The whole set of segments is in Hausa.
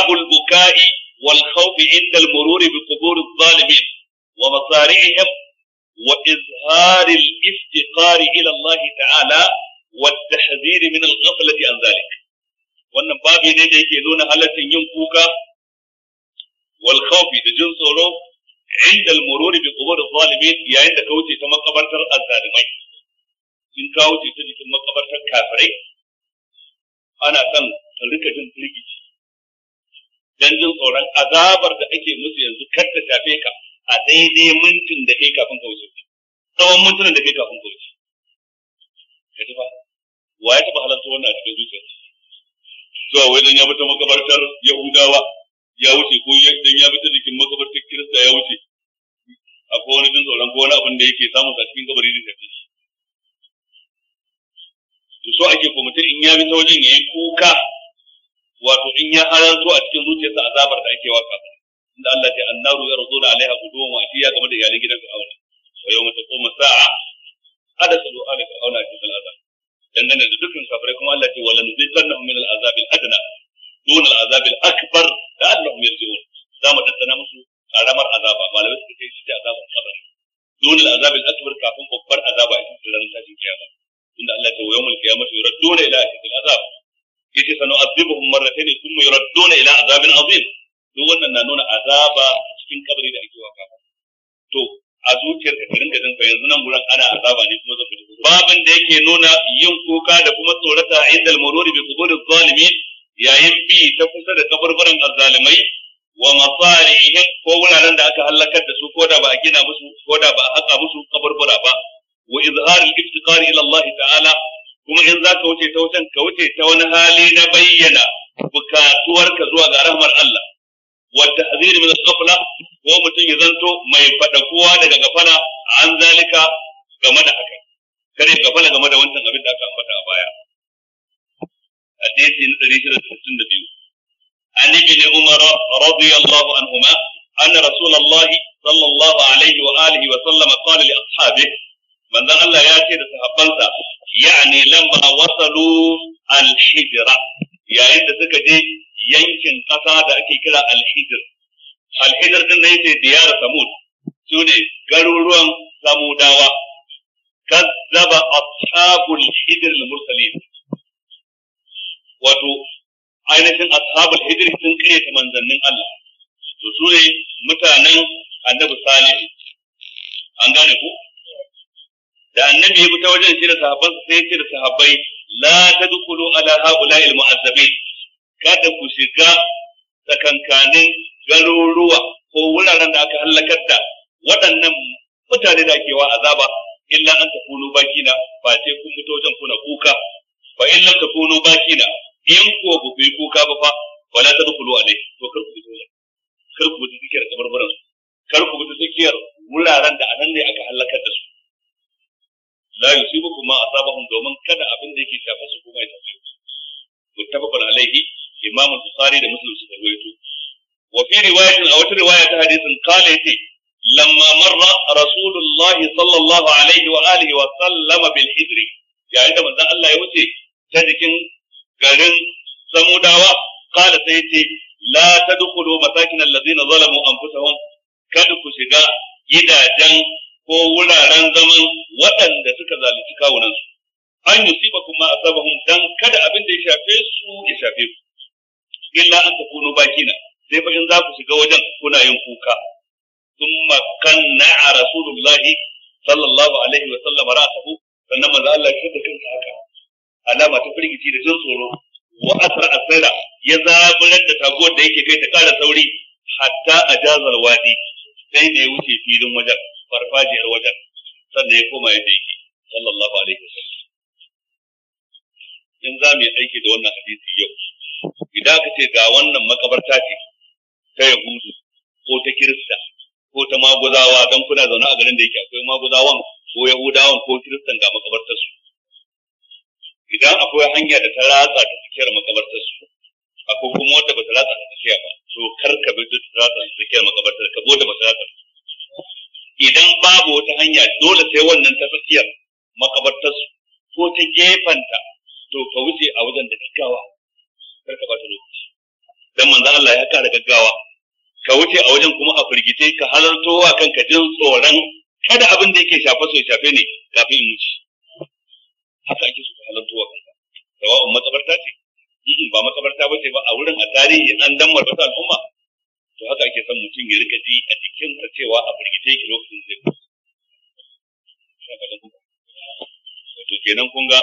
باب البكاء والخوف عند المرور بقبور الظالمين ومصارعهم وإظهار الافتقار إلى الله تعالى والتحذير من الغفلة عن ذلك wannan babi ne da yake nuna halaccin yin kuka wal khawfi da jin tsoro inda al-mururi bi zalimin yayin da ka wuce ta makabartar azzalimai sun ka wuce ta jikin kafirai ana son ka don jin tsoron azabar da ake musu yanzu kar ta shafe ka a daidai mintin da kai kafin ka wuce tsawon mintunan da kai kafin ka wuce ka ji ba wa ya taɓa halarta wannan a cikin zuciyar zuwa wai don ya bi ta makabartar yahudawa ya wuce ko don ya bi ta jikin makabartar kirista ya wuce akwai wani jin tsoron ko wani abin da yake samun sa cikin kabari da tafi so ake ko in ya bi ta wajen ya kuka wato in ya haranto zuwa cikin zuciyarsa azabar da ake waka inda Allah ta annaru ya razu da alaiha gudu wa ashiya game da iyalan gidan fir'auna wa yawma taqumu sa'a hada sulu ala fir'auna cikin azab dangane da dukkan kafirai kuma Allah ce wala nuzikannahum min al-azab al-adna dun al-azab al-akbar da annahum za mu tattana musu karamar azaba malamai suka ce shi azabar kabar dun al-azab al kafin babbar azaba a cikin ranar tashin kiyama inda Allah ta wa yawmal qiyamati yuradduna ila ashadil azab yace sanu'azibuhum marratayn thumma yuradduna ila azabin azim duk wannan na nuna azaba cikin kabari da ake waka to a zuciyar ka rinka jin ka yanzu nan gurin ana azaba ne kuma zaka fito babin da yake nuna yin kuka da kuma tsorata a indal mururi bi qubul zalimin yayin bi ta kusa da kabarbaran azzalimai wa masarihim ko wuraren da aka halakar da su ko da ba a gina musu ko da ba a haka musu kabarbara ba wa izhar al-iftiqar ila Allah ta'ala kuma in za ka wuce ta wucen ka wuce ta wani hali na bayyana bukatuwarka zuwa ga rahmar Allah wata haziri min al-ghafla ko mutum ya zanto mai fadakuwa daga gafala an zalika game da haka kare gafala game da wancan abin da aka ambata a baya hadisi na 662 an ibn umar radiyallahu anhuma anna rasulullahi sallallahu alaihi wa alihi wa sallama qala li ashabihi manzon Allah ya ce da sahabbansa yani lamma wasalu al-hijra yayin da suka je yankin ƙasa da ake kira al-hijr al-hijr din ne ce diyar samud sune garuruwan samudawa kazzaba ashabul hijr al-mursalin wato ainihin ashabul hijr sun ta manzannin Allah to sune mutanen annabi salih an gane ku da annabi ya fita wajen shi da sahabban sai ya ce da sahabbai la tadkhulu ala haula'i almu'azzabin kada ku shiga tsakankanin garuruwa ko wuraren da aka halakar da waɗannan mutane da ke wa azaba illa an takunu bakina ba sai kun fito wajen kuna kuka fa in lam takunu bakina in ko ku yi kuka ba fa wala tadkhulu alayhi to kar ku fito kar ku fito kiyar kabarbaran kar ku fito kiyar wuraren da anan ne aka halakar da su la yusibukum ma asabahum kada abin da yake shafa su kuma ya tafi muttafaqun da muslim a wata riwaya ta hadisin kala yace lamma bil hijri yayin da manzon Allah ya wuce ta jikin garin samudawa kala ku shiga gidajen ko wuraren zaman waɗanda suka zalunci kawunansu an yusiba kuma asabahum dan kada abin da ya shafe su ya shafe ku illa an takunu bakina sai fa in za ku shiga wajen kuna yin kuka thumma kanna'a rasulullahi sallallahu alaihi wa sallam ra'atuhu sannan manzo Allah ya da kanka haka alama ta firgici da jin tsoro wa asra asira ya zaburar da taguwar da yake kai ta ƙara sauri hatta ajazal wadi sai ne ya wuce filin wajen farfajiyar wajen sannan ya koma yadda yake sallallahu alaihi wasallam in za mu yi aiki da wannan hadisi yau idan aka ce ga wannan makabarta ce ta yahudu ko ta kirista ko ta maguzawa don kuna zaune a garin da yake akwai maguzawan ko yahudawan ko kiristan ga su idan akwai hanya da ta ratsa ta tsakiyar su akwai kuma wanda ba ta ratsa ta tsakiya ba to kar ka bi ta ratsa ta tsakiyar makabartar ka bo da ba ta ratsa ta idan babu wata hanya dole sai wannan ta tsakiyar makabartar su ko ta gefanta to ka wuce a wajen da gaggawa kar ka bata lokaci dan manzo Allah ya kara gaggawa ka wuce a wajen kuma a firgice ka halarto wa kanka jin tsoron kada abin da yake shafa so shafe ne kafin in wuce haka ake so ka halarto wa kanka sawa'un makabarta ce ba makabarta ba ce ba a wurin a tarihi an dan wata al'umma to haka ake son mutum ya rika ji a cikin sa cewa a firgite ki lokacin zai wato kenan kun ga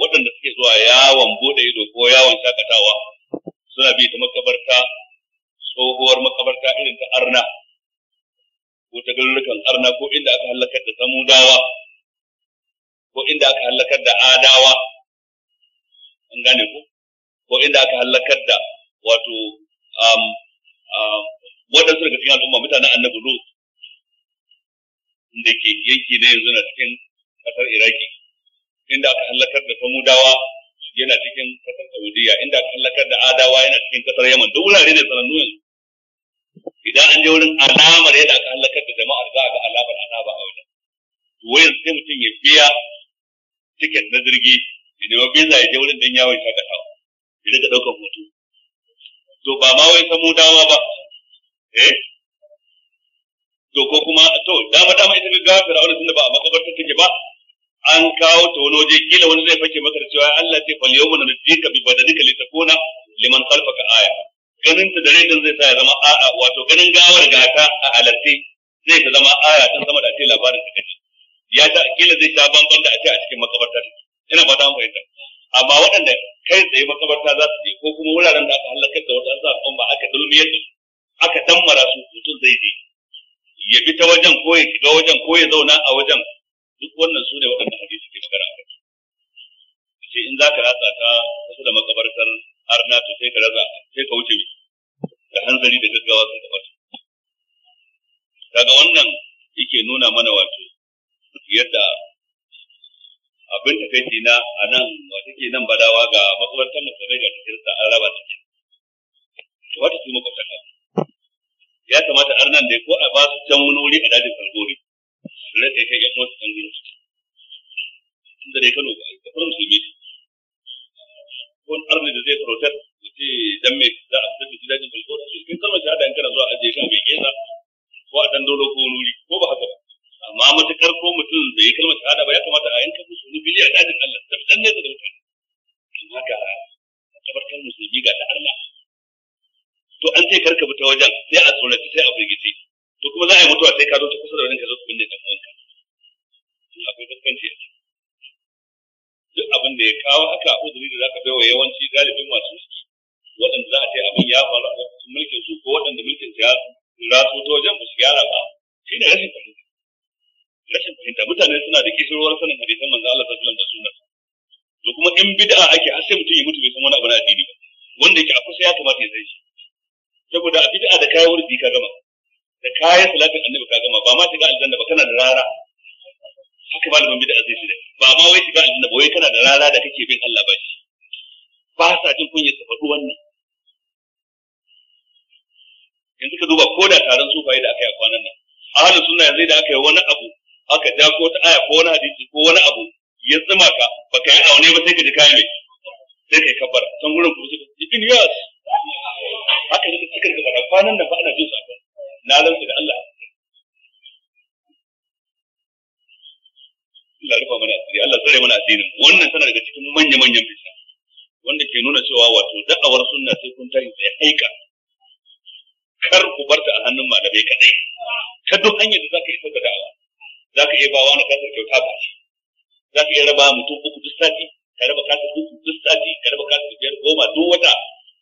waɗanda suke zuwa yawon bude ido ko yawon shakatawa suna bi ta makabarta tsohuwar makabarta irin ta arna ko ta garurukan arna ko inda aka halakar da samudawa ko inda aka halakar da adawa an gane ko ko inda aka halakar da wato um, Um, waɗansu daga cikin al'umma mutanen annabi lut da ke yanki na yanzu na cikin ƙasar iraki inda aka hallakar da samudawa yana cikin ƙasar saudiya inda aka hallakar da adawa yana cikin ƙasar yaman duk wurare ne sanannu yanzu idan an je wurin alamar yadda aka hallakar da jama'ar za a ga alamar azaba a wajen wayan sai mutum ya biya tiket na jirgi idan nema biza ya je wurin dan yawon shakatawa ya daga ɗaukar hoto to ba ma wai dama ba eh to ko kuma to dama dama ita ga wani tunda ba a makabarta take ba an kawo ta wani waje kila wani zai fake maka da cewa Allah ce fal yawma nadika bi badanika takuna liman khalfaka aya ganin ta dare din zai sa ya zama a'a wato ganin gawar gata a alarti zai ta zama aya dan sama da ce labarin ta kace ya ta kila zai ta banban da a ce a cikin makabarta ina ba ta mu amma waɗanda kai tsaye makabarta za su je ko kuma wuraren da aka halakar da wasu azafan ba aka dulmiyar da aka dammara su mutum zai je ya bi ta wajen ko ya shiga wajen ko ya zauna a wajen duk wannan su ne waɗanda hadisi ke magana a kai ce in za ka ratsa ta kusa da makabartar arna to sai ka raza sai ka wuce da hanzari da gaggawa sai ka bata daga wannan yake nuna mana wato yadda abin da kai na a nan wata ke nan badawa ga makarantar musulmai ga sa an raba ta ce wata su saka ya kamata ar nan dai ko a ba su can wani wuri a dajin kalgori su rage kai yan wasu can gudu da dai kano ba a yi kafar yi. kun arni da zai protest da ce dan me za a fitar da su dajin kalgori su kin kalmar shahada in kana zuwa a je kan gaiƙesa ko a dandoro dole ko wuri ko ba haka ba amma matukar ko mutum bai kalmar shahada ba ya kamata a yanka ɗakin Allah ta fitan nesa da mutane kan haka makabartar musulmi ga ta Allah to an ce karka fita wajen sai a tsoraci sai a firgici to kuma za a yi mutuwa sai ka zo ta kusa da wajen ka zo ka binne ɗan uwanka akwai kaskanci duk abin da ya kawo haka uzuri da za zaka baiwa yawanci galibin masu waɗanda za a ce abin ya faru a lokacin mulkin su ko waɗanda mulkin su ya rasu ta wajen ba su gyara ba shi ne rashin fahimta rashin fahimta mutane suna da kishirwar sanin hadisan manzo Allah sallallahu alaihi wasallam da kuma in bid'a ake har sai mutum ya mutu bai san wani abu na addini ba wanda yake akwai sai ya kamata ya san shi saboda a bid'a da kayan wurdi ka gama da kayan salatin annabi ka gama ba ma shiga aljanna ba kana da rara haka malamin bid'a zai shi ba ma wai shiga aljanna ba wai kana da rara da kake bin Allah ba shi ba sa jin kunya ta faɗi wannan yanzu ka duba ko da taron sufaye da aka yi a kwanan nan ahalin suna yanzu da aka yi wani abu aka ja ko ta aya ko wani hadisi ko wani abu ya tsima ka baka yi aune ba sai ka ji kayan mai sai ka yi kabar can gurin kuma suka ce in yas haka suka cikar da kwanan nan ba ana jin sabon na rantsa da Allah Allah rufa mana asiri Allah tsare mana asirin wannan tana daga cikin manya-manyan bisa wanda ke nuna cewa wato da'awar sunna sai kun tashi sai haika kar ku barta a hannun malamai kadai ta duk hanyar da za ka yi ta da'awa iya ba wani kasar kyauta ba shi za ka iya raba mutum uku duk sati ka raba kasar uku duk sati ka raba kasar biyar goma duk wata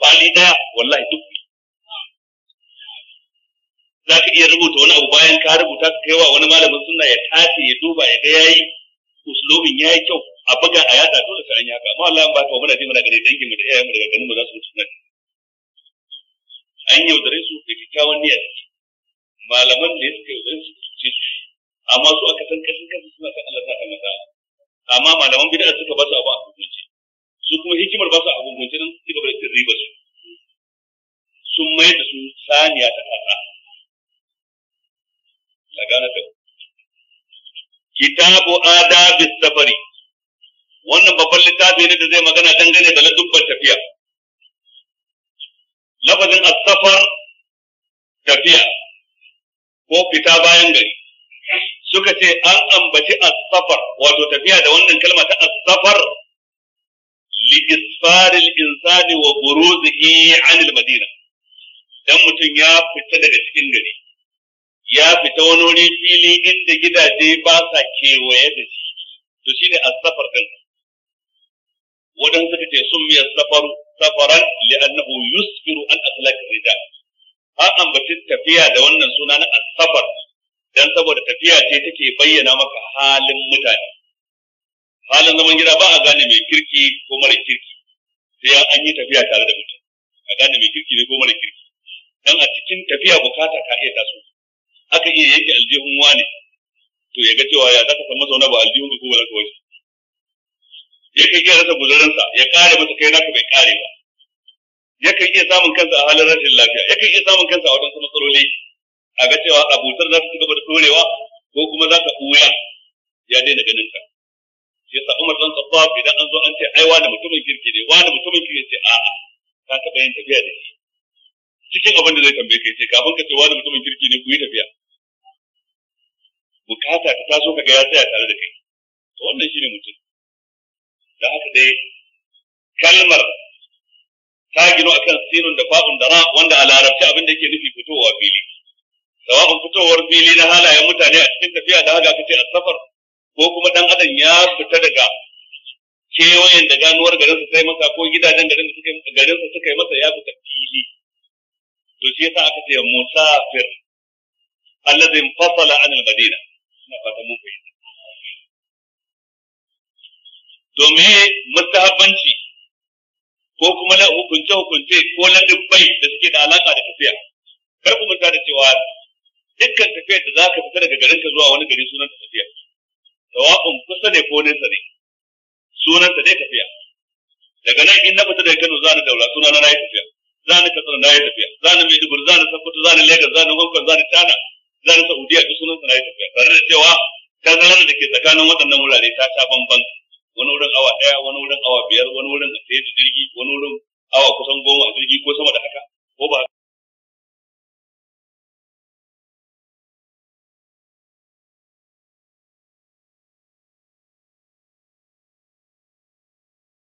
kwali daya wallahi duk za ka iya rubuta wani abu bayan ka rubuta ka kaiwa wani malamin suna ya tace ya duba ya ga yayi uslubin yayi kyau a buga a yada dole sai an yi haka amma Allah ya baka wannan ji muna gare dangi mu da iyayen mu daga ganin mu za su mutu nan an yaudare su da kyakkyawan niyyar malaman da yake suka yaudare su su ce amma su aka san kashin kansu suna kan Allah ta mata amma malaman bid'a suka ba su abu a hukunci su kuma hikimar ba su abu hukunci nan suka bar cin riba su sun mai da su saniya ta kasa ta gane ta kitabu adabi safari wannan babban littafi ne da zai magana dangane da ladubbar tafiya lafazin as-safar tafiya ko fita bayan gari suka ce an ambaci as-safar wato tafiya da wannan kalma ta as-safar li isfaril insani wa buruzihi an madina dan mutum ya fita daga cikin gari ya fita wani wuri fili inda gidaje ba sa kewaye da shi to shine as-safar din wadan suka ce sun miya safaru safaran li'annahu yusfiru an akhlaq rijal an ambaci tafiya da wannan suna na as-safar dan saboda tafiya ce take bayyana maka halin mutane halin zaman gida ba a gane mai kirki ko mara kirki sai an yi tafiya tare da mutum a gane mai kirki ne ko mara kirki dan a cikin tafiya bukata ka iya taso aka iya yanke aljihun wani to ya ga cewa ya zaka san mazauna ba aljihun ko wani kawai ya kai iya rasa guzurinsa ya kare masa kai naka bai kare ba ya kai iya samun kansa a halin rashin lafiya ya kai iya samun kansa a wadansu matsaloli a ga cewa abutar za ta ci gaba da dorewa ko kuma za ta ɓuya ya daina ganin ka. ya sa Umar dan Khattab idan an zo an ce ai wani mutumin kirki ne wani mutumin kirki ce a'a ka taba yin tafiya da shi cikin abin da zai tambaye kai ce kafin ka ce wani mutumin kirki ne ku yi tafiya bukata ta taso ga ya tsaya tare da kai to wannan shine mutum da haka dai kalmar ta gino akan sinun da fa'un da ra wanda a larabci abin da yake nufi fitowa fili sawa'un fitowar fili na halayen mutane a cikin tafiya da haka kace safar, ko kuma dan adam ya fita daga kewayen da ganuwar su sai masa ko gidajen garinsa suka su suka yi masa ya fita fili to shi yasa aka ce musafir alladhi infasala an al-madina ina fata mun fahimta to me mustahabbanci ko kuma la hukunce hukunce ko la dubbai da suke da alaka da tafiya kar ku manta da cewa dukkan tafiyar da za ka fita daga garin ka zuwa wani gari sunan tafiya tawafin kusa ne ko nesa ne sunan ta ne tafiya daga nan in na fita daga Kano za ni daura suna na yi tafiya za ni Katsina na yi tafiya za ni dubur za ni Sokoto za ni Lagos za ni Hong za ni Tana za ni Saudiya duk sunan na yi tafiya tare da cewa tazarar da ke tsakanin waɗannan wurare ta ta bamban wani wurin awa ɗaya wani wurin awa biyar wani wurin a tsaye da jirgi wani wurin awa kusan goma a jirgi ko sama da haka ko ba